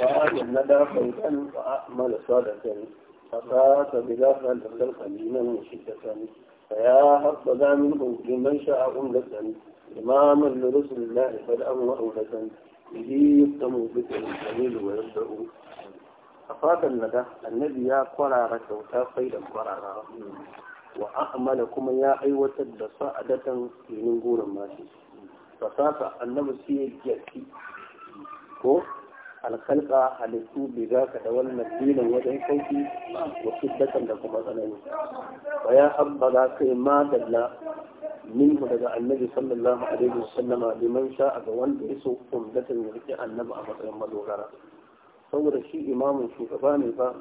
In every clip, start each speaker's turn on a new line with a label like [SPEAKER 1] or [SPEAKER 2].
[SPEAKER 1] Bayan na dafin kan ba a mana sa da kan, a sa ta bi dafin da kan kan da kan, ta ya haɓɓa zamin hukumin ban sha'a'un da kan, imamun na na ifa da an wa'au da kan, yi ta mu bi kan da u. A fatan na annabi ya kwarara kyauta sai da kwarara. Wa a'amala kuma ya aiwatar da sa'adatan yinin gurin mashi. Fasata annabi sai ya ƙiyarci ko alkalka halittu bai za ka da wannan dinin wajen sauki wasu dakan da kuma tsanani wa ya habba za kai ma dalla minhu daga annabi sallallahu alaihi wa wasallama liman a ga wanda ya so umdatan ya rike annabi a matsayin madogara saboda shi imamin shugaba ne ba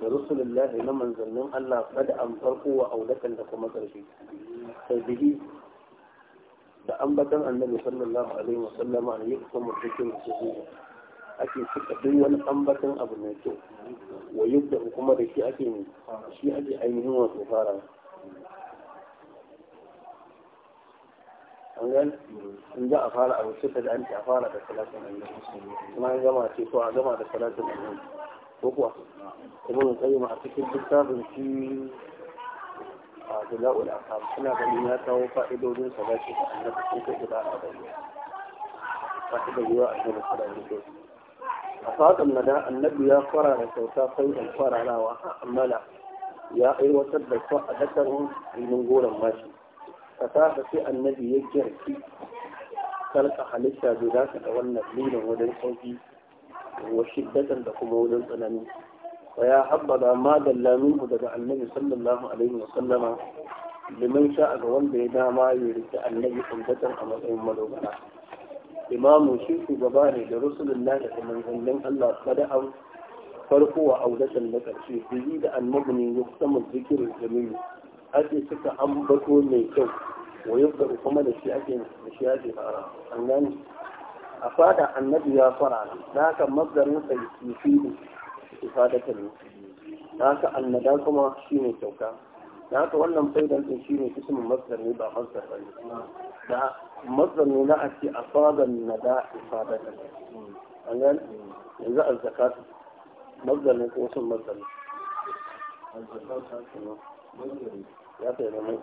[SPEAKER 1] da rasulullahi na manzannin Allah da an farko wa aulakan da kuma sai tarbihi da ambatan annabi sallallahu alaihi wa wasallama ne ya kusa mutukin su ake cika duk wani ambatan abu mai kyau wa yadda kuma da shi ake ne shi ake ainihin wasu fara an gan in za a fara abu suka da an a fara da salatin annabi kuma an gama ce ko a gama da salatin annabi ko kuwa ibn qayyim a cikin littafin shi a dila'ul aqab suna ganin ya kawo fa'idodin salati da annabi ko da da fa'idodin yawa a cikin alaihi wasallam a fatan mada annabi ya fara da kyauta sai in fararawa a amala ya aiwatar da su a dakar ilmin goron mashi fasaka sai annabi ya kirki sarka halitta za dace da wannan lilin wajen sauki wa shiddatan da kuma wajen tsanani wa ya habbada ma dalla minhu daga annabi sallallahu alaihi wa sallama liman sha'a ga wanda ya dama ya rike annabi kuntatan a matsayin madogara imamu shi shugaba ne da rusulun na da manzannin Allah sada'an farko wa aulatan da ƙarshe biyu da annabni ya kusa sama zikirin jami'i ake suka ambato mai kyau wa da kuma da shi ake da shi ake fara gani a fada annabi ya fara da haka mazdarin sa kifi ne ifadatan da haka annada kuma shine kyauta da haka wannan faidan din shine ismin masdar ne ba masdar bane da مصدر نوناء في أصاب النداء إصابة أنا إذا الزكاة مصدر نوناء وصل مصدر الزكاة يا ترى من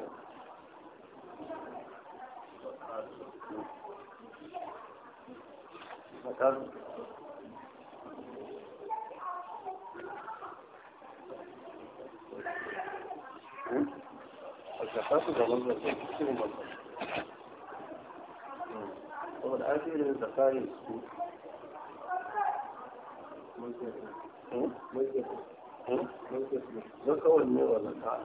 [SPEAKER 2] زكاة الزكاة
[SPEAKER 1] saboda an fi da tsakanin su don kawai ne wa zaka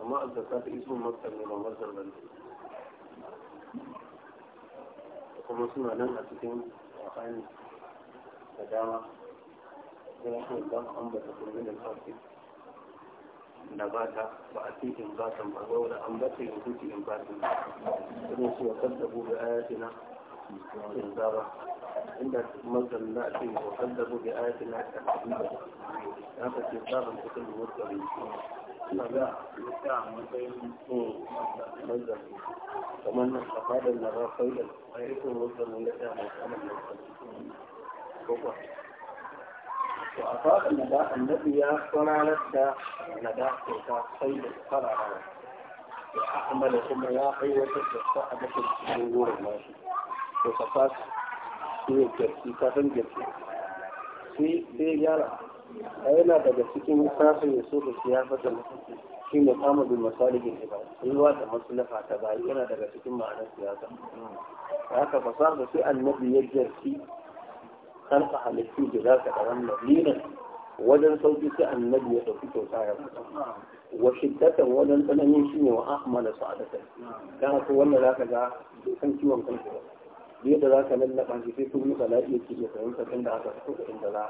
[SPEAKER 1] amma a zaka ta iso makar ne ba mazar ba kuma suna nan a cikin wakani da dama yana ambata kuma da na ba ta ba a titin ba ta ba zaune an ba ta yin kuci in ba ta ba su wa kan dabu da ayatina in za inda mazan na ce wa da ayatina a ƙarfi ba ta ka ce tsarin kusan da wasu ɗari su na ga ta matsayin ta hmm, mazan kamar na kafaɗar na ba faɗar a yi kun wasu ya ta mai kamar na وأصاب النداء الذي صنع نفسه نداء تلك صيد صنع نفسه وأحمل ثم ياقي وتسلق صعبة الجمهور الماشي وصفات في الجرسي كافن جرسي في في يارا أين بجسك مسافر يسوق السياسة في مقام بمصالح العباد هو مصلحة تبعي أنا بجسك معنى السياسة هذا فصار في النبي يجرسي karka halittu da za ka ɗaran madina wajen sauki sai annabi ya ɗauki kyauta ya fita wa shiddatan wajen tsananin shi ne wa da sa'adatan dan haka wanda za ka ga dukkan ciwon kanka ba biyu da za ka lallaɓa shi sai kun nuka lafiya ke iya fahimtar inda aka fito da inda za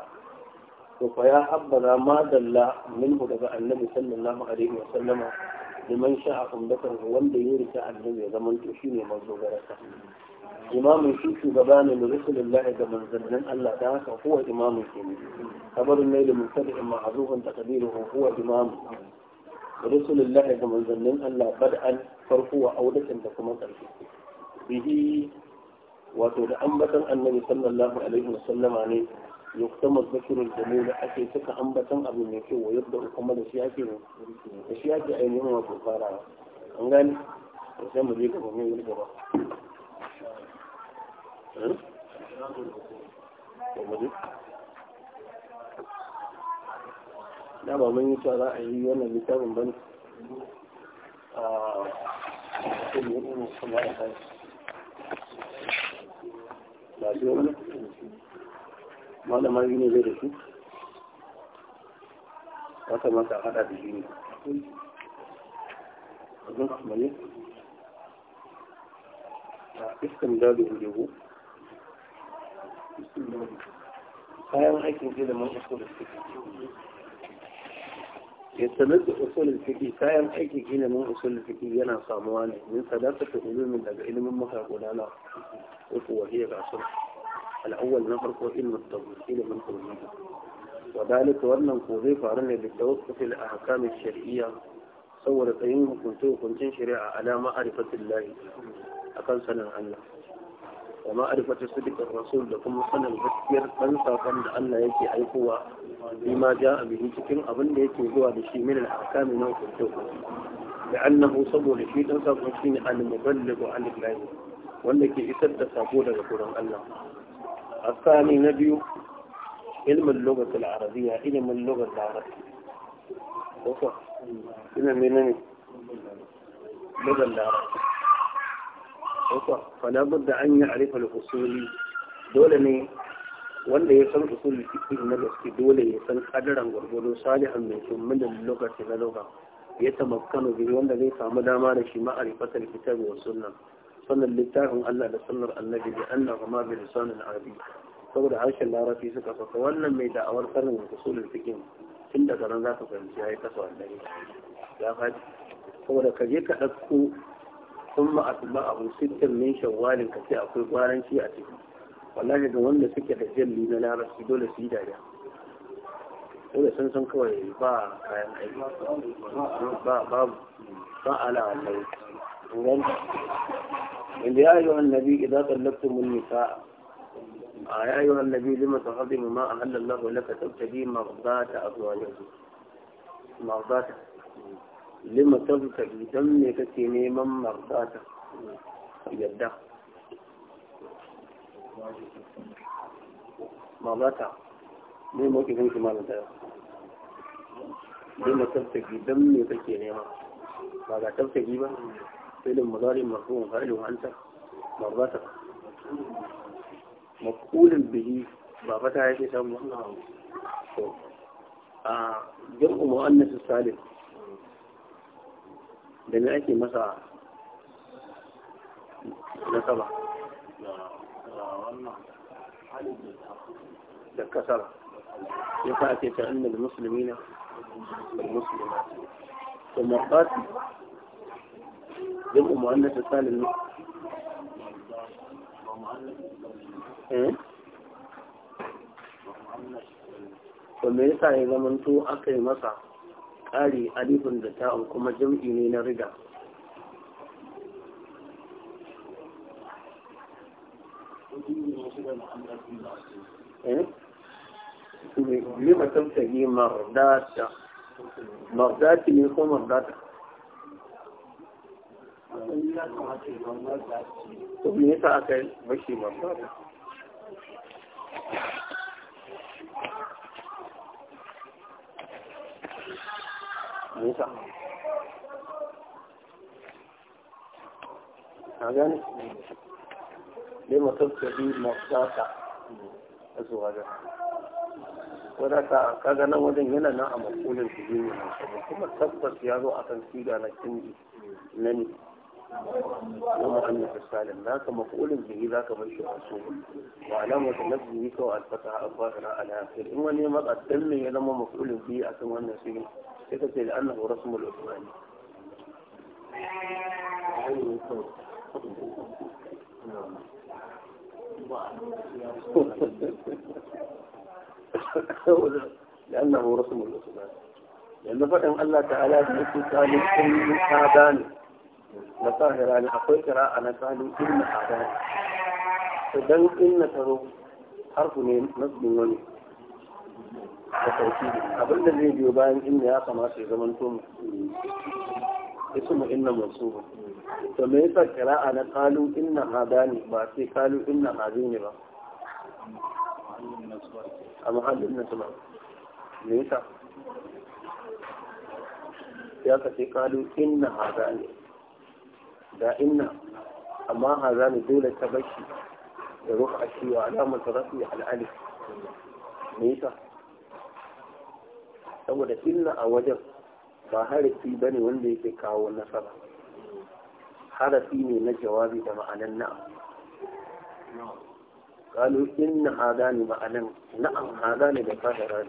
[SPEAKER 1] to fa ya habbara ma dalla minhu daga annabi sallallahu alaihi wa sallama liman sha'a umdatan wanda ya rika annabi ya zama to shine manzo garasa imamin shi shugaba ne da rasulullahi da manzannin Allah dan haka huwa imamin shi ne kabarin ne da mutadin ma'azufin takdiruhu huwa imamu rasulullahi da manzannin Allah bad'an farko wa audatan da kuma karshe bihi wato da ambatan annabi sallallahu alaihi wasallama ne يختمر ذكر الجميل حتي سكا أنبة أبو ميكي ويبدأ كما لشياكي لشياكي أين يوم أبو فارع أنغاني أسلام ريك أبو ميكي ويبدأ لا ما من يشارع هي أنا اللي كان من بني ااا آه، كل يوم الصباح هاي لا شو malamar yi ne zai da su wata masa hada da yi ne a zan kuma yi a iskan da da hude hu aikin zai da man iso da suke ya sanar usulul fiqh kayan aiki gina mun usulul yana samuwa ne min sadaqatu ilmin daga ilimin maka gudana uku wahiya ga sunna الأول من خلقه إلم التوصيل من خلقه وذلك وأن نقوذي فارني بالتوقف الأحكام الشرعية صور قيمه كنت وكنت شريعة على معرفة الله أكل سنة عنه وما أعرف صدق الرسول لكم صنع الفكر من صافن لأن يكي أي قوة بما جاء به تكن أظن يكي هو بشي من الأحكام نوك الجوة لأنه صبو لشي تنصف وشين أن مبلغ عن الله وأنك إسد تصابون لكم الله الثاني نبي علم اللغة العربية علم اللغة العربية وصف علم منني لغة العربية وصف فلا بد أن يعرف الأصول دولني wanda ya san usul fiqh na gaske dole ya san kadaran gwargwado salihan mai tummin da lokaci na lugha ya tamakkanu bi wanda zai samu dama da shi ma'arifatar kitabi wa Sannan littafin Allah da sannar annabi bi annahu ma bi lisanin arabi saboda harshen larabci suka saka wannan mai da'awar sanin usulul fiqh tun daga nan za ka fahimci yi kasa annabi ya faɗi saboda ka je ka ɗauko kuma asma abu sittin min shawwalin ka ce akwai kwaranci a ciki wallahi ga wanda suke da jalli na larabci dole su yi dariya dole sun san kawai ba kayan aiki ba babu ba ala يا أيها النبي إذا طلقتم النساء آه، يا أيها النبي لما تخدم ما أهل الله لك تبتدي مرضات أزواجك مرضات لما تبتدي تملك كتيني مرضات يده مرضات لما تبتدي مرضات لما تبتدي تملك كتيني مرضات تبتدي مرضات فعل المضارع مفهوم فعله أنت مرتك مفعول به بابتها هيك يسمى آه، جمع مؤنث السالم دم يأتي مسا نصبة لكسر يفعل كأن المسلمين المسلمات ومرات جمع مؤنث السالم eh to me yasa ya zamanto aka yi masa ƙari alifin da ta'un kuma jam'i ne na riga eh? ne ba tamtari mardata to me yasa aka yi mashi mamba Musa. A gane? Lema tattabi mafsata a zuwa ga. Wadata kaga nan wajen yana nan a makulin su ne kuma tabbas ya zo a kan siga na kinji na ne.
[SPEAKER 2] kuma an yi
[SPEAKER 1] salin naka makulin zai za ka bar shi a so wa alamu da yi kawai alfata a ba'a na alhafir in wani ya maka dalle ya zama makulin biyu a kan wannan sun ya kace da annabu rasu mu lokuta ne. لأنه رسم الأسباب لأن فتن الله تعالى في كتابه كل هذا na tsahira ne akwai kira a na tsanin inna a dan idan inna taro harfu ne na nasbin wani da sauki abin da zai biyo bayan inna ya kamata ya zama to ismu inna mansuba to me yasa kira'a na kalu inna ne ba sai kalu inna ne ba a na nasba me yasa ya kace kalu inna ne? da inna amma za ni dole ta bashi da rufa shi wa alamar ta rafi al'alif yasa, saboda inna a wajen ba harafi ba ne wanda yake kawo nasara harafi ne na jawabi da ma'anan na'am قالوا إن هذان معنى نعم هذان بقدر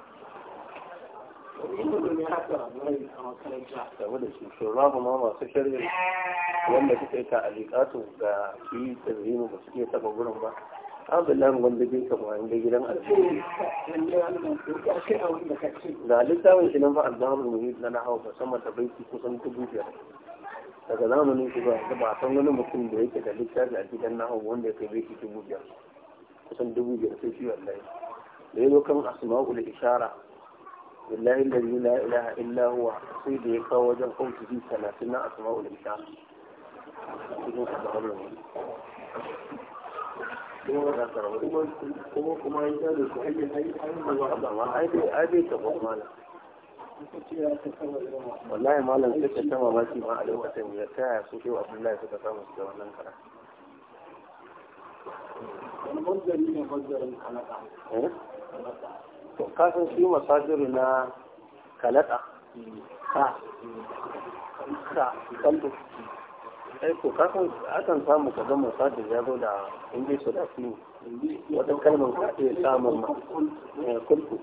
[SPEAKER 1] saboda shi shurahu ma masu shirya wanda suka yi ta'alikatu ga shi tazhimu ba su iya taba gurin ba abdullahi wanda bai kama da gidan aljihu da littafin shi nan fa alzamar muhit na nahawa ba sama da baiki kusan dubu biyar daga zamanin shi ba ba san wani mutum da yake da littafi a gidan nahawa wanda ya kai baiki dubu biyar kusan dubu biyar sai shi wallahi da ya zo kan asma'ul ishara لله الذي لا إله إلا هو سيدي فوج الخوت في سلاسلنا أسماء الإنسان والله ما لم تكن ما في ما عليه وسلم يتاع سوتي وعبد الله تتسامى سجوانا كرا أنا إيه؟ to kafin su yi masajiru na kalata ka ka kallo ai ko kafin akan samu ka ga masajiru ya zo da inda su da su wata kalmar ka ce samun ma eh, kulku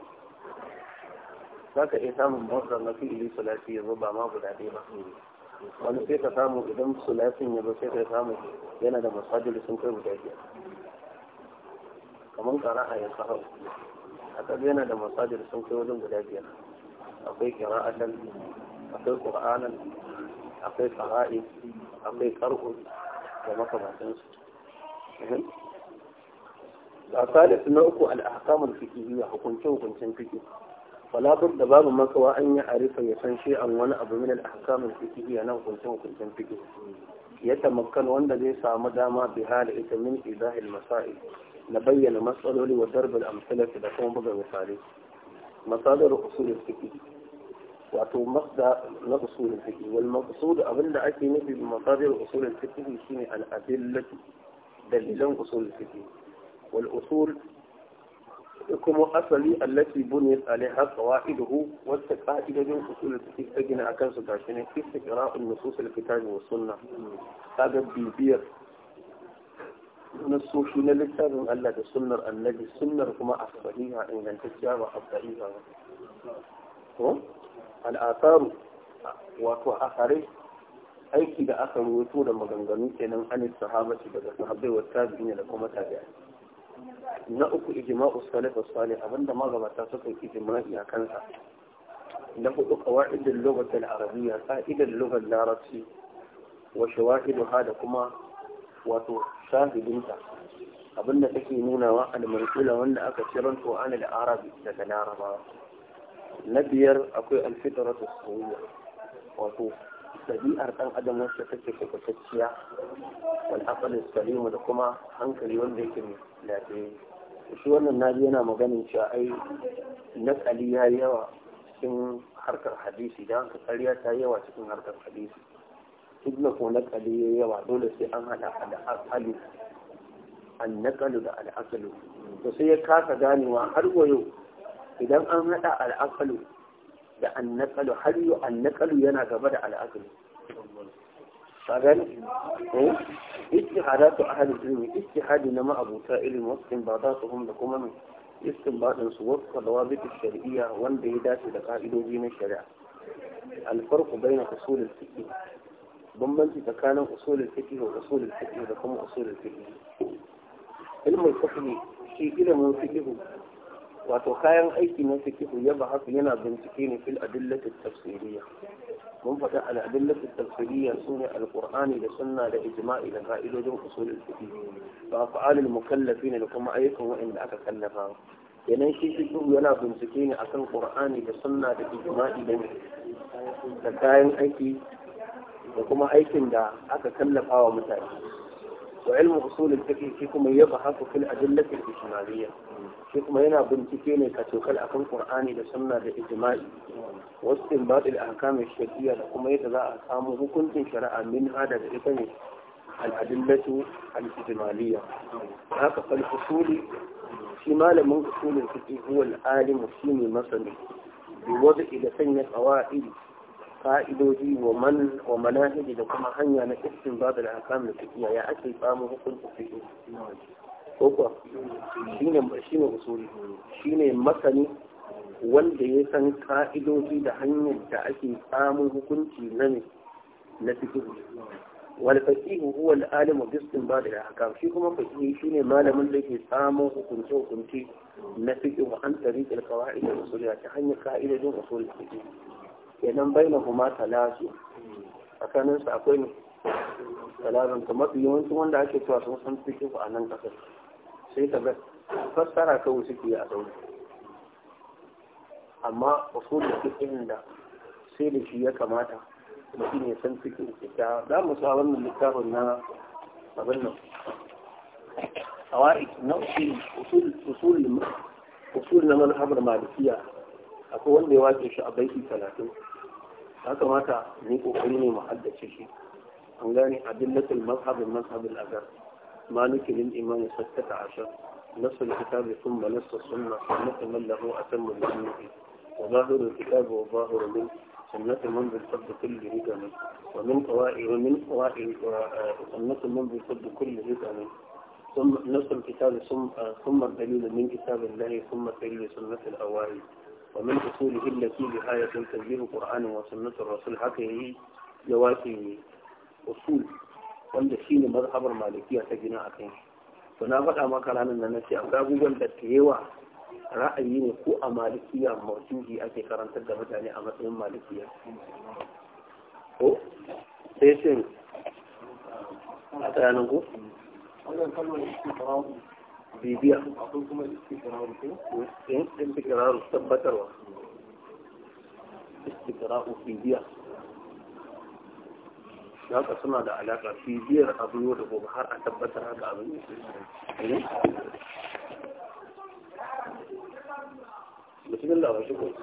[SPEAKER 1] za ka iya samun mawar na fili sulasi ya zo ba ma guda ɗaya ba wani sai ka samu idan sulafin ya zo sai ka samu yana da masajiru sun kai guda biyar kamar kara a yankarar Akwai yana da masajir sun kai wajen guda biyar akwai kira'atan akwai qur'anan akwai fara'i akwai karhu da makamantansu ga salis na uku al'ahkamul fiqhiyya hukuncin hukuncin fiqh wala duk da babu makawa an yi arifa ya san shi an wani abu min al'ahkamul fiqhiyya na hukuncin hukuncin fiqh ya tamakkan wanda zai samu dama bi hali ita min idahil masail لبين مسألة وضرب الأمثلة في لكم بضع مثالي مصادر أصول الفكر وأتو مقدى لأصول الفكر والمقصود أبن لأكي نبي بمصادر أصول الفكر يشيني الأدلة دليل أصول الفكر والأصول كم أصلي التي بنيت عليها قواعده والتقاعد من أصول الفكر أجنى أكان سبعشيني استقراء النصوص الكتاب والسنة هذا بيبير nassoshi na littafin Allah da sunnar annabi sunnar kuma a sahiha ingantacciya ba a sahiha ba to al'asaru wato a aiki da aka ruwato da maganganu kenan an sahabati daga sahabbai wa tabi'in da kuma tabi'a na uku ijma'u salaf wa salih abinda magabata suka yi ijma'i a kansa na hudu qawaidul lughah al-arabiyya qa'idat lughah al-arabiyya wa shawahidha da kuma wato shahidinta abinda take nunawa al-manqula wanda aka ciranto an al-arabi daga larabawa na biyar akwai alfitaratu sauya wato dabi'ar ɗan adam wacce take kwakwatacciya wal aqalu salimu da kuma hankali wanda yake lafiya shi wannan naji yana maganin cewa ai nakali ya yawa cikin harkar hadisi da haka ƙarya ta yawa cikin harkar hadisi ابن فلك اللي يوعدون في أمل على أقل النقل على أقل وسي كاف داني وحر ويو إذا أمل على أقل لأن نقل حري أن نقل ينقبر على أقل فقال اتحادات إيه؟ أهل العلم اتحاد نما أبو سائل واستنباطاتهم لكمم استنباط وفق ضوابط الشرعية وانبهدات لقائدو دين الشرع الفرق بين فصول الفكر bambanci tsakanin usulul fiqh da usulul fiqh da kuma usulul fiqh ilmul fiqh shi ilimin fiqh wato kayan aiki na fiqh ya ba haka yana bincike ne fil adillati tafsiriyya mun faɗa al adillati tafsiriyya Al-Qur'ani da sunna da ijma'i da ka'idojin usulul fiqh fa af'alul mukallafin da kuma ayyukan wa'anda aka kallafa kenan shi fiqh yana bincike ne akan qur'ani da sunna da ijma'i da kayan aiki da kuma aikin da aka kallafa wa mutane wa ilmu usulin fiqh shi kuma ya bahaku fil adillati al-ijmaliyya shi kuma yana bincike ne ka tokal akan qur'ani da sunna da ijma'i wa istinbat al-ahkam al-shar'iyya da kuma yadda za a samu hukuncin shari'a min hada da ita ne al-adillatu al-ijmaliyya haka fal usuli shi malamin usulin fiqh huwa al-alim shi ne masani bi wada'i da sanya qawaidi ka'idoji wa man wa manahiji da kuma hanya na istin babu da hakam da tafiya ya ake samun hukuncin fiƙi ko kuwa shine shine usuli ne masani wanda ya san ka'idoji da hanyar da ake samun hukunci na ne na fiƙi wal faqihu huwa al alimu bi istinbat al ahkam shi kuma faqihi shine malamin da ke samun hukunce hukunci na fiqh wa an tariq al qawaid al usuliyya ta hanyar ka'idojin usul fiqh bai baina kuma talasu a su akwai ne ta mafi yawancin wanda ake cewa sun san fikin a nan kasar sai ka ga fassara kawai suke a sauri amma a fiqhin da da, sai da shi ya kamata mutum ya san fiqhin kika za mu sa wannan littafin na abin nan A wari na usul na mazhabar malikiya akwai wanda ya wace shi a baiki talatin. haka mata ni kokari ne mu haddace shi an gane adillatul mazhab mazhab al-azhar مالك للإمام thumma man نص الكتاب ثم نص السنة سنة من له أتم zahir وظاهر الكتاب وظاهر bi سنة kull hikam كل هدم ومن min qawa'id قوائل uh, man bi بالفضل كل هدم ثم نص الكتاب ثم ثم الدليل من كتاب الله ثم دليل سنة الأوائل ومن أصوله التي نهاية تنزيل القرآن وسنة الرسول حكى هي جواسي أصول wanda shi ne mazhabar malikiya ta gina a kan to na faɗa maka ranar nan na ce akwai abubuwan da ta yawa ra'ayi ne ko a malikiya mawjuhi ake karantar da mutane a matsayin malikiya bibiya akwai kuma istiqrar ko in istiqrar tabbatarwa istiqrar bibiya haka suna da alaka bibiyar abu yau da gobe har a tabbatar haka abin mutumin da wasu ko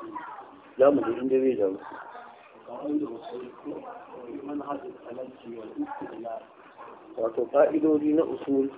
[SPEAKER 1] za mu ji inda bai jamu wato fa'idodi na usul